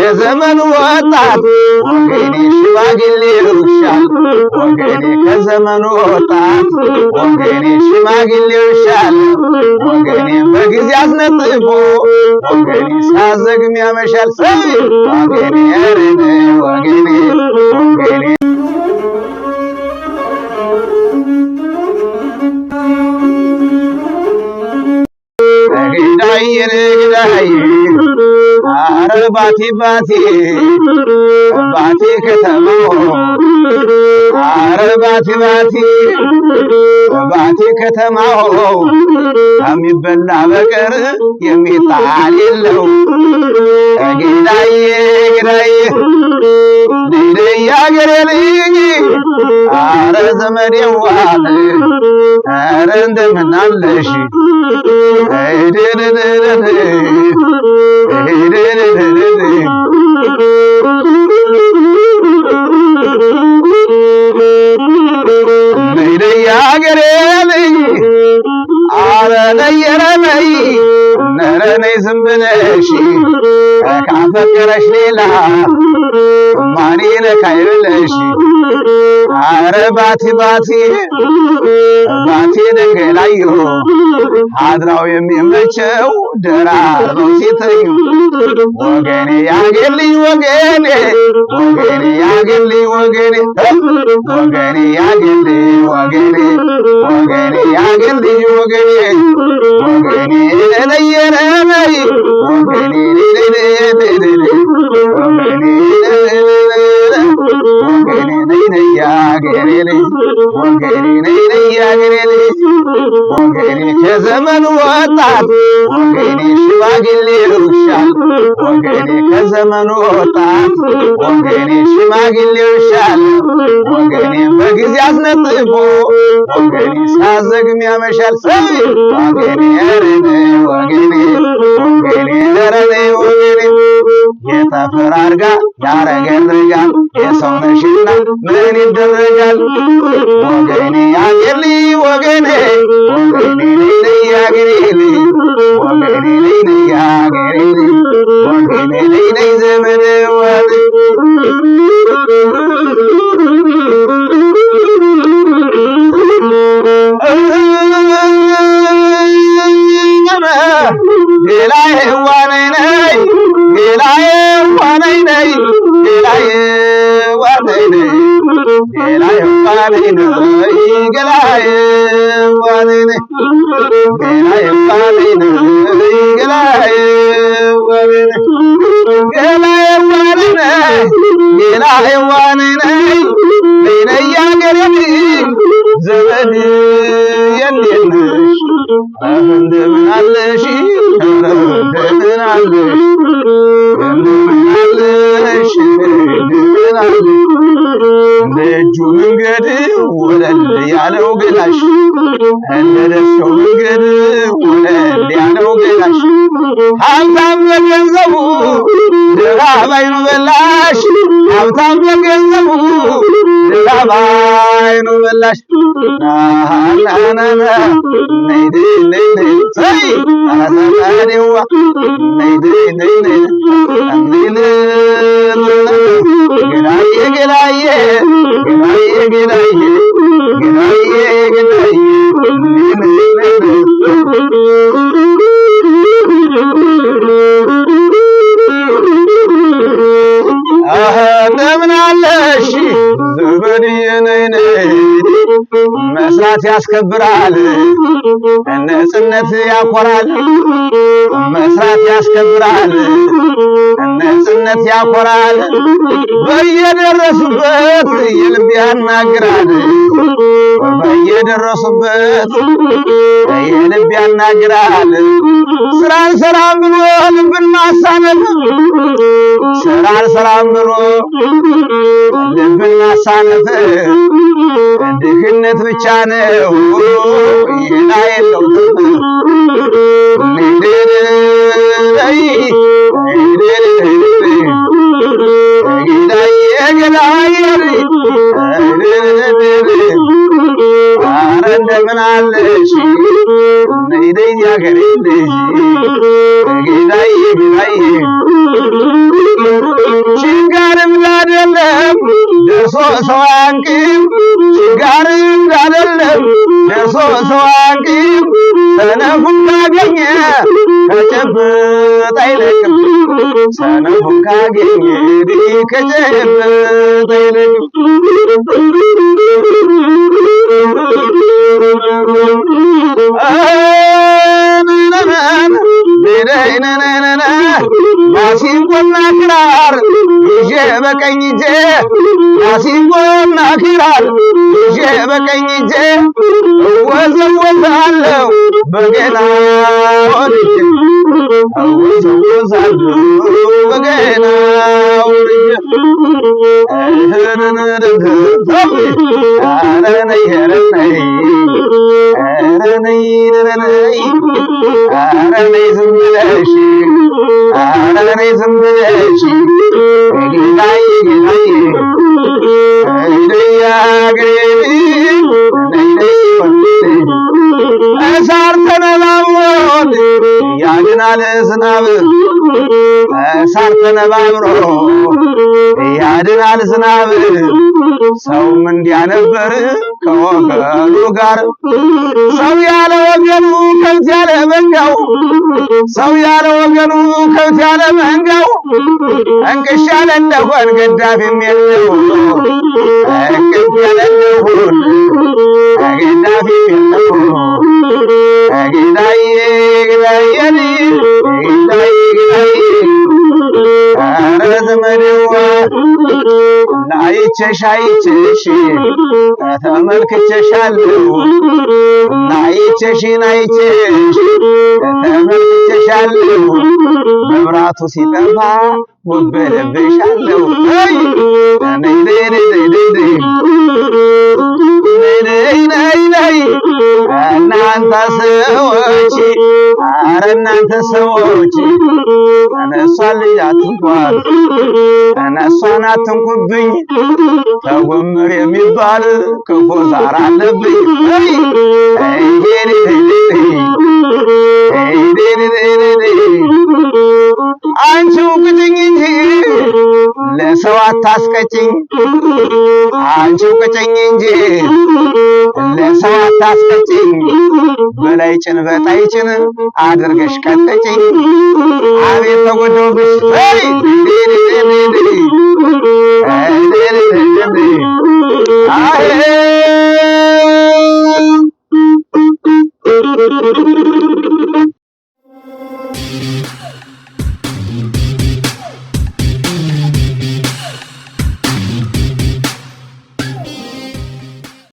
የዘመኑ ወጣት ወገኔ ሽማግሌ ይሻል ወገኔ ከዘመኑ ወጣት ወገኔ ሽማግሌ ይሻል ወገኔ በጊዜ አስነጥፎ ወገኔ ሳዘግም ያመሻል ሰው ወገኔ ያረነ ወገኔ ወገኔ ግዳይ ግዳይ አረ ባቲ ባቲ ባቴ ከተማ አረ ባቲ ባቲ ባቲ ከተማው ከሚበላ በቀር የሚጣል የለው። ጌዳዬ ጌዳዬ ድድያ ገሬ ልጅ አረ ዘመዴዋል ኧረ እንደምን አለሽ ነበረሽ ሌላ ማኔ ነካይለሽ አረ ባቲ ባቲ ባቲ ደንገላዩ አድራው የሚመቸው ደራሮ ሲተዩ ወገኔ ያገልኝ ወገኔ ወገኔ ያገልኝ ወገኔ ወገኔ ያገልኝ ወገኔ ወገኔ ያገልኝ ወገኔ ወገኔ இளையரவை ወገኔ ከዘመኑ ወጣት ወገኔ ሽማግሌው ይሻል ወገኔ ከዘመኑ ወጣት ወገኔ ሽማግሌው ይሻል ወገኔ በጊዜ አስነጥፎ ወገኔ ሳዘግም ያመሻል ሰው ወገኔ ረኔ ወገኔ ወገኔ ረኔ ወገኔ የተፈራ አርጋ ያረገረጋ የሰው ነሽና ምን ይደረጋል? ወገኔ አገሊ ወገኔ ወገኔ ነይ ወገኔ ነይ ወገኔ ዘመን ወጥ እንደምን አለሽ እንደምን አለሽ በእጁ መንገድ ወለል ያለው ገላሽ እንደደርሰው መንገድ ወለል ያለው ገላሽ ሀብታም በገንዘቡ ድሃ ባይኑ በላሽ ሀብታም በገንዘቡ ድሃ ఆయన నైదే నైదే መስራት ያስከብራል፣ ነጽነት ያኮራል። መስራት ያስከብራል፣ ነጽነት ያኮራል። በየደረሱበት የልብ ያናግራል፣ በየደረሱበት የልብ ያናግራል። ስራን ሰራም ብሎ ልብና ማሳነፍ ስራን ሰራም ብሎ ልብና ማሳነፍ ድህነት ብቻ ነው ሌላ የለው። ኧረ እንደምን አለሽ ነይ ልጅ ጌታዬ ጌታዬ ሰው አንቂ ጋር አይደለም ለሰው ሰው አንቂ ሰነፉን ካገኘ ከጨብጥ አይለቅም። ሰነፉን ካገኘ ከጨብጥ አይለቅም። Oh છે હવે કઈ છે નાખી રાત በቀኝ እጄ እወዘወዛለሁ በገና ወርጄ እወዘወዛለሁ በገና Thank you. ተነባብሮ ያድናል ዝናብ ሰውም እንዲያነበር ከወገኑ ጋር ሰው ያለ ወገኑ ከብት ያለ መንጋው ሰው ያለ ወገኑ ከብት ያለ መንጋው እንቅሻለ እንደሆን የሚያለው የለው አይቼሽ አይቼሽ ተመልክቼሻለሁ አይቼሽን አይቼሽ ተመልክቼሻለሁ መብራቱ ሲጠፋ ወበለብሻለሁ እናንተ ሰዎች ኧረ እናንተ ሰዎች እነሷን ልጅ አትንኳት፣ ተነሷን አትንኩብኝ። ተጎምር የሚባል ክፉ ዛር አለብኝ። አንቺ ውቅጭኝ እንጂ ለሰው አታስቀጭኝ። አንቺ ውቅጭኝ እንጂ እንደ ሰው አታስቀጭኝ፣ በላይ ጭንበት አይጭን አድርገሽ ቀጠጭኝ። አቤት ተጎደውብሽ አይ